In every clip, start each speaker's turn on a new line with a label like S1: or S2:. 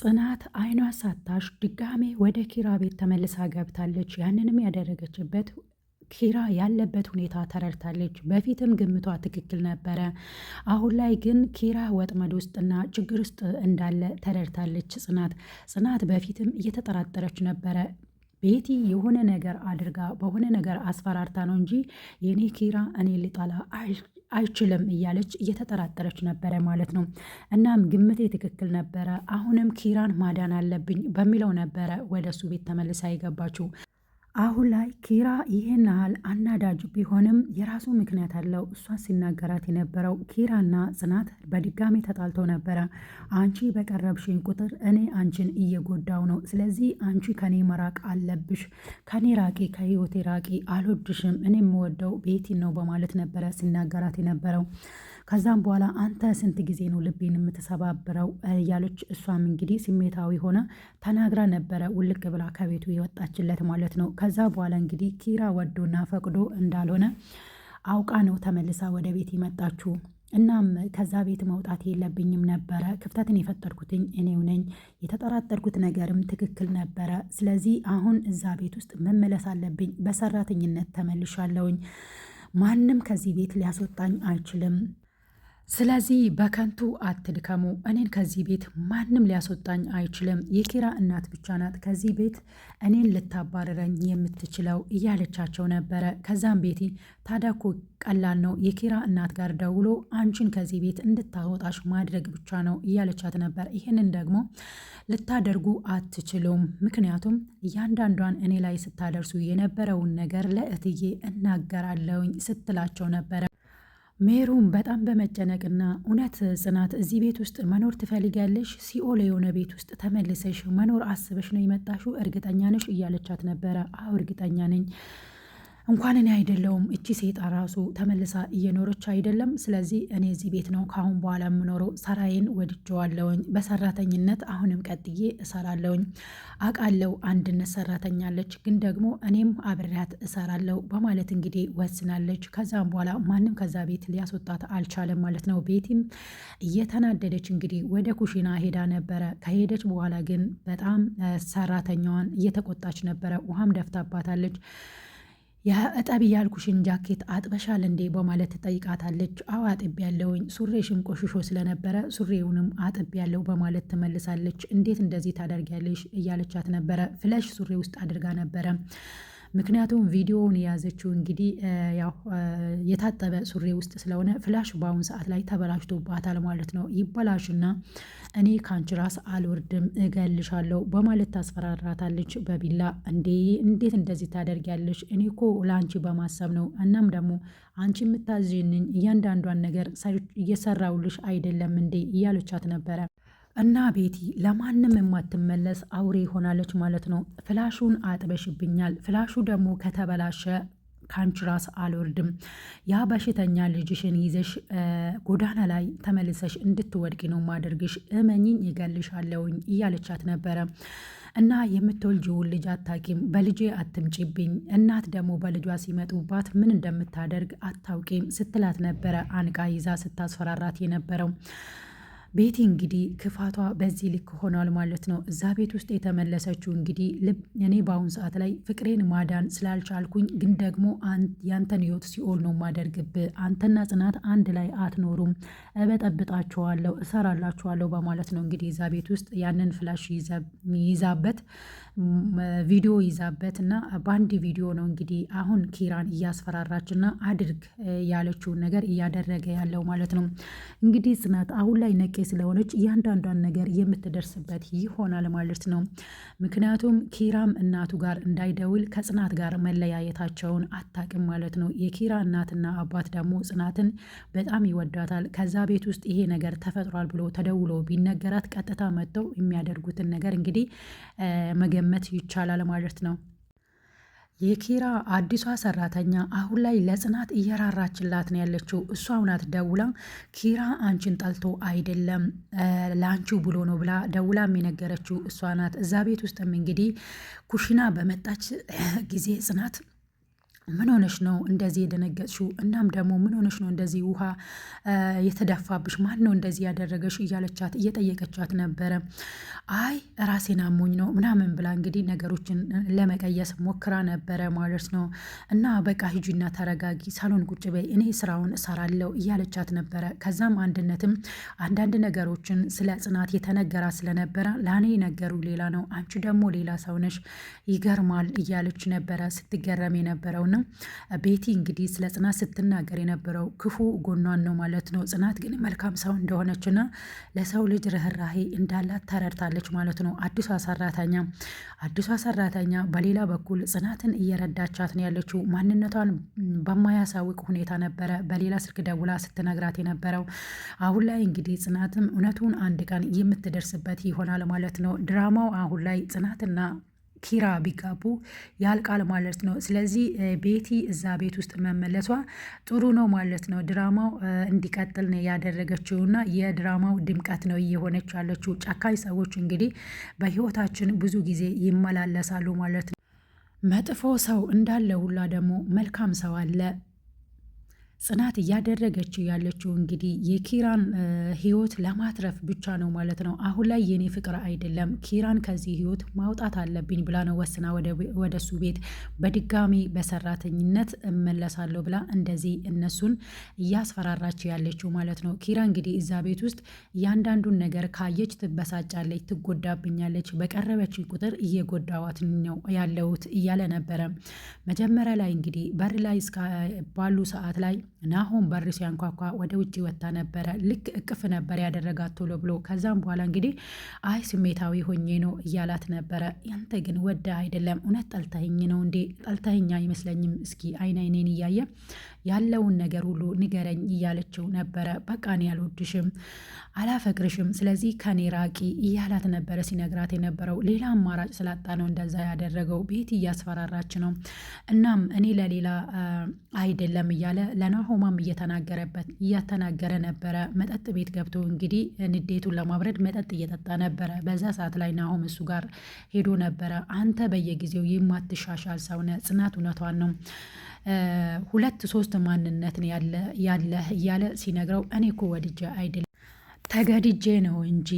S1: ጽናት አይኗ ሳታሽ ድጋሜ ወደ ኪራ ቤት ተመልሳ ገብታለች። ያንንም ያደረገችበት ኪራ ያለበት ሁኔታ ተረድታለች። በፊትም ግምቷ ትክክል ነበረ። አሁን ላይ ግን ኪራ ወጥመድ ውስጥና ችግር ውስጥ እንዳለ ተረድታለች። ጽናት ጽናት በፊትም እየተጠራጠረች ነበረ ቤቲ የሆነ ነገር አድርጋ በሆነ ነገር አስፈራርታ ነው እንጂ የኔ ኪራ እኔ ልጠላ አይችልም እያለች እየተጠራጠረች ነበረ ማለት ነው። እናም ግምቴ ትክክል ነበረ፣ አሁንም ኪራን ማዳን አለብኝ በሚለው ነበረ ወደ እሱ ቤት ተመልሳ የገባችው። አሁን ላይ ኪራ ይህን ያህል አናዳጅ ቢሆንም የራሱ ምክንያት አለው። እሷን ሲናገራት የነበረው ኪራና ጽናት በድጋሚ ተጣልተው ነበረ። አንቺ በቀረብሽኝ ቁጥር እኔ አንቺን እየጎዳው ነው፣ ስለዚህ አንቺ ከኔ መራቅ አለብሽ። ከኔ ራቂ፣ ከህይወቴ ራቂ፣ አልወድሽም፣ እኔ የምወደው ቤቲ ነው በማለት ነበረ ሲናገራት የነበረው። ከዛም በኋላ አንተ ስንት ጊዜ ነው ልቤን የምትሰባብረው እያለች እሷም እንግዲህ ስሜታዊ ሆነ ተናግራ ነበረ። ውልቅ ብላ ከቤቱ የወጣችለት ማለት ነው። ከዛ በኋላ እንግዲህ ኪራ ወዶና ፈቅዶ እንዳልሆነ አውቃ ነው ተመልሳ ወደ ቤት የመጣችው እናም ከዛ ቤት መውጣት የለብኝም ነበረ። ክፍተትን የፈጠርኩትኝ እኔው ነኝ። የተጠራጠርኩት ነገርም ትክክል ነበረ። ስለዚህ አሁን እዛ ቤት ውስጥ መመለስ አለብኝ። በሰራተኝነት ተመልሻለውኝ። ማንም ከዚህ ቤት ሊያስወጣኝ አይችልም። ስለዚህ በከንቱ አትድከሙ። እኔን ከዚህ ቤት ማንም ሊያስወጣኝ አይችልም። የኪራ እናት ብቻ ናት ከዚህ ቤት እኔን ልታባረረኝ የምትችለው እያለቻቸው ነበረ። ከዛም ቤቴ ታዲያ እኮ ቀላል ነው፣ የኪራ እናት ጋር ደውሎ አንቺን ከዚህ ቤት እንድታወጣሽ ማድረግ ብቻ ነው እያለቻት ነበር። ይህንን ደግሞ ልታደርጉ አትችሉም፣ ምክንያቱም እያንዳንዷን እኔ ላይ ስታደርሱ የነበረውን ነገር ለእህትዬ እናገራለውኝ ስትላቸው ነበረ። ሜሩም በጣም በመጨነቅና እውነት ጽናት እዚህ ቤት ውስጥ መኖር ትፈልጊያለሽ? ሲኦል የሆነ ቤት ውስጥ ተመልሰሽ መኖር አስበሽ ነው የመጣሽው? እርግጠኛ ነሽ? እያለቻት ነበረ። አዎ እርግጠኛ ነኝ እንኳን እኔ አይደለውም እቺ ሴጣ ራሱ ተመልሳ እየኖረች አይደለም። ስለዚህ እኔ እዚህ ቤት ነው ከአሁን በኋላ የምኖረው። ሰራዬን ወድጀዋለውኝ። በሰራተኝነት አሁንም ቀጥዬ እሰራለውኝ። አቃለው አንድነት ሰራተኛለች፣ ግን ደግሞ እኔም አብሬያት እሰራለው በማለት እንግዲህ ወስናለች። ከዛም በኋላ ማንም ከዛ ቤት ሊያስወጣት አልቻለም ማለት ነው። ቤቲም እየተናደደች እንግዲህ ወደ ኩሽና ሄዳ ነበረ። ከሄደች በኋላ ግን በጣም ሰራተኛዋን እየተቆጣች ነበረ። ውሃም ደፍታባታለች። የእጠብ ያልኩሽን ጃኬት አጥበሻል እንዴ? በማለት ትጠይቃታለች። አዎ አጥብ ያለውኝ ሱሬሽም ቆሽሾ ስለነበረ ሱሬውንም አጥብ ያለው በማለት ትመልሳለች። እንዴት እንደዚህ ታደርጊያለሽ? እያለቻት ነበረ። ፍለሽ ሱሬ ውስጥ አድርጋ ነበረ ምክንያቱም ቪዲዮውን የያዘችው እንግዲህ ያው የታጠበ ሱሪ ውስጥ ስለሆነ ፍላሽ በአሁን ሰዓት ላይ ተበላሽቶባታል ማለት ነው። ይበላሽና እኔ ከአንቺ ራስ አልወርድም እገልሻለሁ በማለት ታስፈራራታለች በቢላ እንዴ እንዴት እንደዚህ ታደርጊያለሽ? እኔ እኮ ለአንቺ በማሰብ ነው። እናም ደግሞ አንቺ የምታዝንኝ እያንዳንዷን ነገር እየሰራውልሽ አይደለም እንዴ እያለቻት ነበረ። እና ቤቲ ለማንም የማትመለስ አውሬ ሆናለች ማለት ነው። ፍላሹን አጥበሽብኛል። ፍላሹ ደግሞ ከተበላሸ ከአንቺ ራስ አልወርድም። ያ በሽተኛ ልጅሽን ይዘሽ ጎዳና ላይ ተመልሰሽ እንድትወድቂ ነው ማደርግሽ፣ እመኝኝ ይገልሻለውኝ እያለቻት ነበረ። እና የምትወልጂውን ልጅ አታቂም፣ በልጄ አትምጪብኝ። እናት ደግሞ በልጇ ሲመጡባት ምን እንደምታደርግ አታውቂም ስትላት ነበረ አንቃ ይዛ ስታስፈራራት የነበረው ቤቲ እንግዲህ ክፋቷ በዚህ ልክ ሆኗል ማለት ነው። እዛ ቤት ውስጥ የተመለሰችው እንግዲህ ልብ እኔ በአሁን ሰዓት ላይ ፍቅሬን ማዳን ስላልቻልኩኝ፣ ግን ደግሞ ያንተን ህይወት ሲኦል ነው ማደርግብ። አንተና ጽናት አንድ ላይ አትኖሩም፣ እበጠብጣችኋለሁ፣ እሰራላችኋለሁ በማለት ነው እንግዲህ እዛ ቤት ውስጥ ያንን ፍላሽ ይዛበት ቪዲዮ ይዛበት እና በአንድ ቪዲዮ ነው እንግዲህ አሁን ኪራን እያስፈራራች እና አድርግ ያለችውን ነገር እያደረገ ያለው ማለት ነው። እንግዲህ ጽናት አሁን ላይ ነቄ ስለሆነች እያንዳንዷን ነገር የምትደርስበት ይሆናል ማለት ነው። ምክንያቱም ኪራም እናቱ ጋር እንዳይደውል ከጽናት ጋር መለያየታቸውን አታቅም ማለት ነው። የኪራ እናትና አባት ደግሞ ጽናትን በጣም ይወዳታል። ከዛ ቤት ውስጥ ይሄ ነገር ተፈጥሯል ብሎ ተደውሎ ቢነገራት ቀጥታ መጥተው የሚያደርጉትን ነገር እንግዲህ መገመት ይቻላል ማለት ነው። የኪራ አዲሷ ሰራተኛ አሁን ላይ ለጽናት እየራራችላት ነው ያለችው። እሷ እውናት ደውላ ኪራ አንቺን ጠልቶ አይደለም ለአንቺው ብሎ ነው ብላ ደውላ የነገረችው እሷ ናት። እዛ ቤት ውስጥም እንግዲህ ኩሽና በመጣች ጊዜ ጽናት ምን ሆነሽ ነው እንደዚህ የደነገጥሽው? እናም ደግሞ ምን ሆነሽ ነው እንደዚህ ውሃ የተደፋብሽ? ማን ነው እንደዚህ ያደረገሽ? እያለቻት እየጠየቀቻት ነበረ። አይ ራሴን አሞኝ ነው ምናምን ብላ እንግዲህ ነገሮችን ለመቀየስ ሞክራ ነበረ ማለት ነው። እና በቃ ሂጂና ተረጋጊ፣ ሳሎን ቁጭ በይ፣ እኔ ስራውን እሰራለሁ እያለቻት ነበረ። ከዛም አንድነትም አንዳንድ ነገሮችን ስለ ጽናት የተነገራ ስለነበረ ለእኔ ነገሩ ሌላ ነው፣ አንቺ ደግሞ ሌላ ሰውነሽ ይገርማል እያለች ነበረ ስትገረም የነበረውና ነው። ቤቲ እንግዲህ ስለ ጽናት ስትናገር የነበረው ክፉ ጎኗን ነው ማለት ነው። ጽናት ግን መልካም ሰው እንደሆነችና ለሰው ልጅ ርኅራሄ እንዳላት ተረድታለች ማለት ነው። አዲሷ ሰራተኛ አዲሷ ሰራተኛ በሌላ በኩል ጽናትን እየረዳቻት ነው ያለችው። ማንነቷን በማያሳውቅ ሁኔታ ነበረ በሌላ ስልክ ደውላ ስትነግራት የነበረው። አሁን ላይ እንግዲህ ጽናትም እውነቱን አንድ ቀን የምትደርስበት ይሆናል ማለት ነው። ድራማው አሁን ላይ ጽናትና ኪራ ቢጋቡ ያልቃል ማለት ነው። ስለዚህ ቤቲ እዛ ቤት ውስጥ መመለሷ ጥሩ ነው ማለት ነው። ድራማው እንዲቀጥል ነው እና የድራማው ድምቀት ነው እየሆነች ያለችው። ጨካኝ ሰዎች እንግዲህ በህይወታችን ብዙ ጊዜ ይመላለሳሉ ማለት ነው። መጥፎ ሰው እንዳለ ሁላ ደግሞ መልካም ሰው አለ። ጽናት እያደረገችው ያለችው እንግዲህ የኪራን ህይወት ለማትረፍ ብቻ ነው ማለት ነው። አሁን ላይ የኔ ፍቅር አይደለም ኪራን ከዚህ ህይወት ማውጣት አለብኝ ብላ ነው ወስና ወደ እሱ ቤት በድጋሚ በሰራተኝነት እመለሳለሁ ብላ እንደዚህ እነሱን እያስፈራራችው ያለችው ማለት ነው። ኪራ እንግዲህ እዛ ቤት ውስጥ እያንዳንዱን ነገር ካየች ትበሳጫለች፣ ትጎዳብኛለች፣ በቀረበች ቁጥር እየጎዳዋት ነው ያለውት እያለ ነበረ። መጀመሪያ ላይ እንግዲህ በር ላይ ባሉ ሰዓት ላይ ናሆም በር ሲያንኳኳ ወደ ውጭ ወጥታ ነበረ። ልክ እቅፍ ነበር ያደረጋት ቶሎ ብሎ። ከዛም በኋላ እንግዲህ አይ ስሜታዊ ሆኜ ነው እያላት ነበረ። ያንተ ግን ወደ አይደለም እውነት ጠልተኸኝ ነው እንዴ? ጠልተኸኝ አይመስለኝም። እስኪ አይን አይኔን እያየ ያለውን ነገር ሁሉ ንገረኝ እያለችው ነበረ። በቃ እኔ አልወድሽም፣ አላፈቅርሽም፣ ስለዚህ ከኔ ራቂ እያላት ነበረ ሲነግራት የነበረው። ሌላ አማራጭ ስላጣ ነው እንደዛ ያደረገው። ቤት እያስፈራራች ነው። እናም እኔ ለሌላ አይደለም እያለ ለናሆማም እየተናገረበት እያተናገረ ነበረ። መጠጥ ቤት ገብቶ እንግዲህ ንዴቱን ለማብረድ መጠጥ እየጠጣ ነበረ። በዛ ሰዓት ላይ ናሆም እሱ ጋር ሄዶ ነበረ። አንተ በየጊዜው የማትሻሻል ሰውነ ጽናት እውነቷን ነው ሁለት ሶስት ማንነት ያለ እያለ ሲነግረው እኔ እኮ ወድጄ አይደለም ተገድጄ ነው እንጂ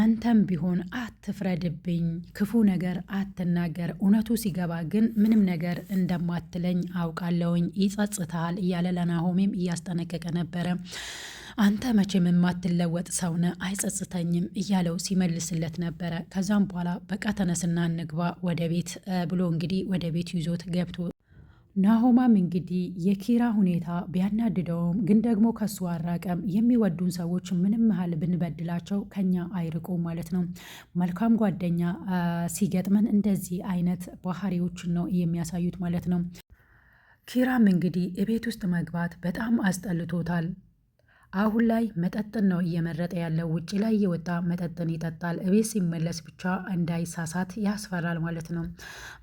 S1: አንተም ቢሆን አትፍረድብኝ፣ ክፉ ነገር አትናገር። እውነቱ ሲገባ ግን ምንም ነገር እንደማትለኝ አውቃለውኝ፣ ይጸጽታል እያለ ለናሆሜም እያስጠነቀቀ ነበረ። አንተ መቼም የማትለወጥ ሰውነ አይጸጽተኝም እያለው ሲመልስለት ነበረ። ከዛም በኋላ በቃ ተነስና እንግባ ወደ ቤት ብሎ እንግዲህ ወደ ቤት ይዞት ገብቶ ናሆማም እንግዲህ የኪራ ሁኔታ ቢያናድደውም ግን ደግሞ ከሱ አራቀም። የሚወዱን ሰዎች ምንም ያህል ብንበድላቸው ከኛ አይርቁም ማለት ነው። መልካም ጓደኛ ሲገጥመን እንደዚህ አይነት ባህሪዎችን ነው የሚያሳዩት ማለት ነው። ኪራም እንግዲህ የቤት ውስጥ መግባት በጣም አስጠልቶታል። አሁን ላይ መጠጥን ነው እየመረጠ ያለው። ውጭ ላይ እየወጣ መጠጥን ይጠጣል፣ እቤት ሲመለስ ብቻ እንዳይሳሳት ያስፈራል ማለት ነው።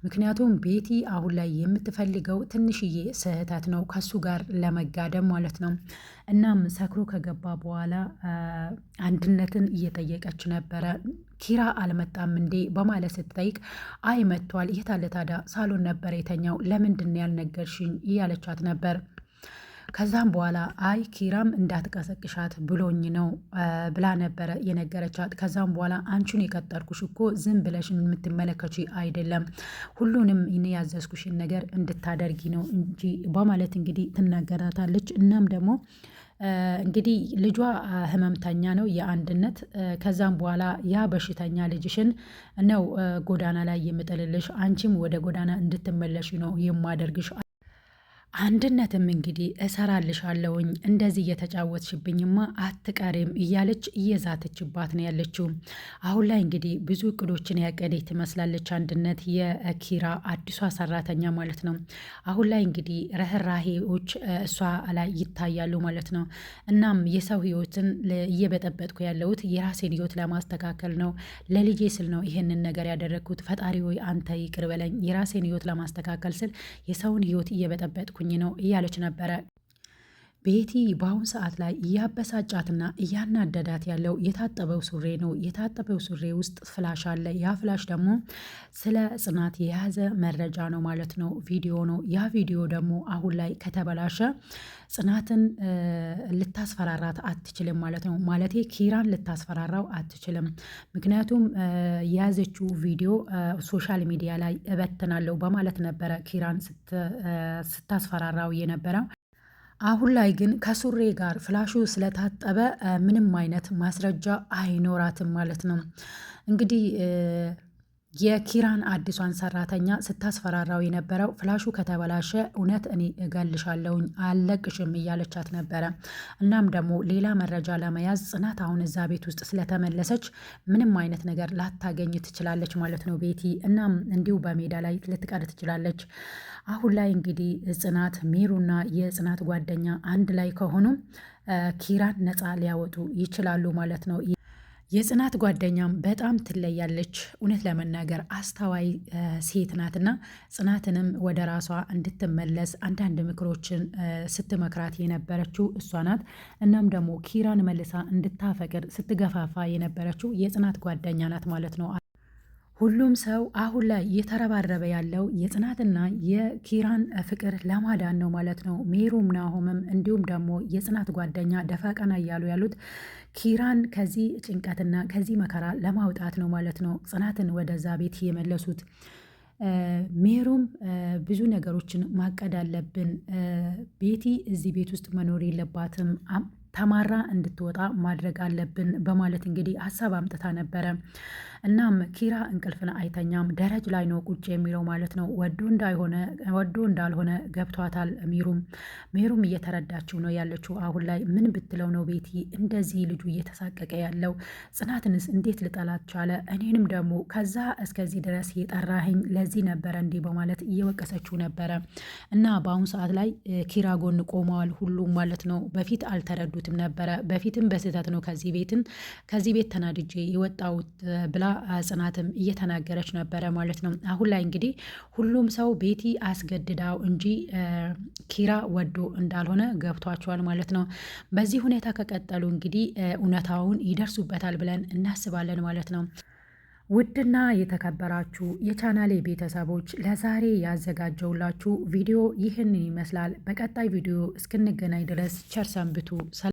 S1: ምክንያቱም ቤቲ አሁን ላይ የምትፈልገው ትንሽዬ ስህተት ነው ከሱ ጋር ለመጋደም ማለት ነው። እናም ሰክሮ ከገባ በኋላ አንድነትን እየጠየቀች ነበረ። ኪራ አልመጣም እንዴ በማለት ስትጠይቅ አይ መጥቷል። የታለ ታዲያ? ሳሎን ነበር የተኛው። ለምንድን ያልነገርሽኝ? እያለቻት ነበር ከዛም በኋላ አይ ኪራም እንዳትቀሰቅሻት ብሎኝ ነው ብላ ነበረ የነገረቻት። ከዛም በኋላ አንቺን የቀጠርኩሽ እኮ ዝም ብለሽ የምትመለከች አይደለም፣ ሁሉንም ያዘዝኩሽን ነገር እንድታደርጊ ነው እንጂ በማለት እንግዲህ ትናገራታለች። እናም ደግሞ እንግዲህ ልጇ ህመምተኛ ነው የአንድነት። ከዛም በኋላ ያ በሽተኛ ልጅሽን ነው ጎዳና ላይ የምጥልልሽ፣ አንቺም ወደ ጎዳና እንድትመለሽ ነው የማደርግሽ አንድነትም እንግዲህ እሰራልሻለሁኝ እንደዚህ እየተጫወትሽብኝማ አትቀሬም እያለች እየዛተችባት ነው ያለችው። አሁን ላይ እንግዲህ ብዙ እቅዶችን ያቀደች ትመስላለች አንድነት የኪራ አዲሷ ሰራተኛ ማለት ነው። አሁን ላይ እንግዲህ ረህራሄዎች እሷ ላይ ይታያሉ ማለት ነው። እናም የሰው ህይወትን እየበጠበጥኩ ያለሁት የራሴን ህይወት ለማስተካከል ነው፣ ለልጄ ስል ነው ይህንን ነገር ያደረግኩት። ፈጣሪ ሆይ አንተ ይቅር በለኝ። የራሴን ህይወት ለማስተካከል ስል የሰውን ህይወት እየበጠበጥኩኝ እያለኝ ነው እያለች ነበረ ቤቲ በአሁን ሰዓት ላይ እያበሳጫትና እያናደዳት ያለው የታጠበው ሱሪ ነው። የታጠበው ሱሪ ውስጥ ፍላሽ አለ። ያ ፍላሽ ደግሞ ስለ ጽናት የያዘ መረጃ ነው ማለት ነው፣ ቪዲዮ ነው። ያ ቪዲዮ ደግሞ አሁን ላይ ከተበላሸ ጽናትን ልታስፈራራት አትችልም ማለት ነው። ማለቴ ኪራን ልታስፈራራው አትችልም። ምክንያቱም የያዘችው ቪዲዮ ሶሻል ሚዲያ ላይ እበትናለሁ በማለት ነበረ ኪራን ስታስፈራራው የነበረው። አሁን ላይ ግን ከሱሬ ጋር ፍላሹ ስለታጠበ ምንም አይነት ማስረጃ አይኖራትም ማለት ነው እንግዲህ የኪራን አዲሷን ሰራተኛ ስታስፈራራው የነበረው ፍላሹ ከተበላሸ እውነት እኔ እገልሻለሁኝ አለቅሽም እያለቻት ነበረ። እናም ደግሞ ሌላ መረጃ ለመያዝ ጽናት አሁን እዛ ቤት ውስጥ ስለተመለሰች ምንም አይነት ነገር ላታገኝ ትችላለች ማለት ነው ቤቲ። እናም እንዲሁ በሜዳ ላይ ልትቀር ትችላለች። አሁን ላይ እንግዲህ ጽናት ሜሩና የጽናት ጓደኛ አንድ ላይ ከሆኑ ኪራን ነፃ ሊያወጡ ይችላሉ ማለት ነው። የጽናት ጓደኛም በጣም ትለያለች። እውነት ለመናገር አስተዋይ ሴት ናትና ጽናትንም ወደ ራሷ እንድትመለስ አንዳንድ ምክሮችን ስትመክራት የነበረችው እሷ ናት። እናም ደግሞ ኪራን መልሳ እንድታፈቅር ስትገፋፋ የነበረችው የጽናት ጓደኛ ናት ማለት ነው። ሁሉም ሰው አሁን ላይ እየተረባረበ ያለው የጽናትና የኪራን ፍቅር ለማዳን ነው ማለት ነው። ሜሩም ናሆምም እንዲሁም ደግሞ የጽናት ጓደኛ ደፋቀና እያሉ ያሉት ኪራን ከዚህ ጭንቀትና ከዚህ መከራ ለማውጣት ነው ማለት ነው ጽናትን ወደዛ ቤት የመለሱት። ሜሩም ብዙ ነገሮችን ማቀድ አለብን፣ ቤቲ እዚህ ቤት ውስጥ መኖር የለባትም፣ ተማራ እንድትወጣ ማድረግ አለብን በማለት እንግዲህ ሀሳብ አምጥታ ነበረ። እናም ኪራ እንቅልፍን አይተኛም ደረጅ ላይ ነው ቁጭ የሚለው ማለት ነው። ወዶ እንዳልሆነ ገብቷታል። ሚሩም ሚሩም እየተረዳችው ነው ያለችው አሁን ላይ ምን ብትለው ነው ቤቲ እንደዚህ ልጁ እየተሳቀቀ ያለው? ጽናትንስ እንዴት ልጠላት ቻለ? እኔንም ደግሞ ከዛ እስከዚህ ድረስ የጠራህኝ ለዚህ ነበረ እንዲህ በማለት እየወቀሰችው ነበረ። እና በአሁኑ ሰዓት ላይ ኪራ ጎን ቆመዋል ሁሉም ማለት ነው። በፊት አልተረዱትም ነበረ። በፊትም በስህተት ነው ከዚህ ቤትን ከዚህ ቤት ተናድጄ የወጣሁት ብላ ጽናትም እየተናገረች ነበረ ማለት ነው። አሁን ላይ እንግዲህ ሁሉም ሰው ቤቲ አስገድዳው እንጂ ኪራ ወዶ እንዳልሆነ ገብቷቸዋል ማለት ነው። በዚህ ሁኔታ ከቀጠሉ እንግዲህ እውነታውን ይደርሱበታል ብለን እናስባለን ማለት ነው። ውድና የተከበራችሁ የቻናሌ ቤተሰቦች ለዛሬ ያዘጋጀውላችሁ ቪዲዮ ይህንን ይመስላል። በቀጣይ ቪዲዮ እስክንገናኝ ድረስ ቸር ሰንብቱ።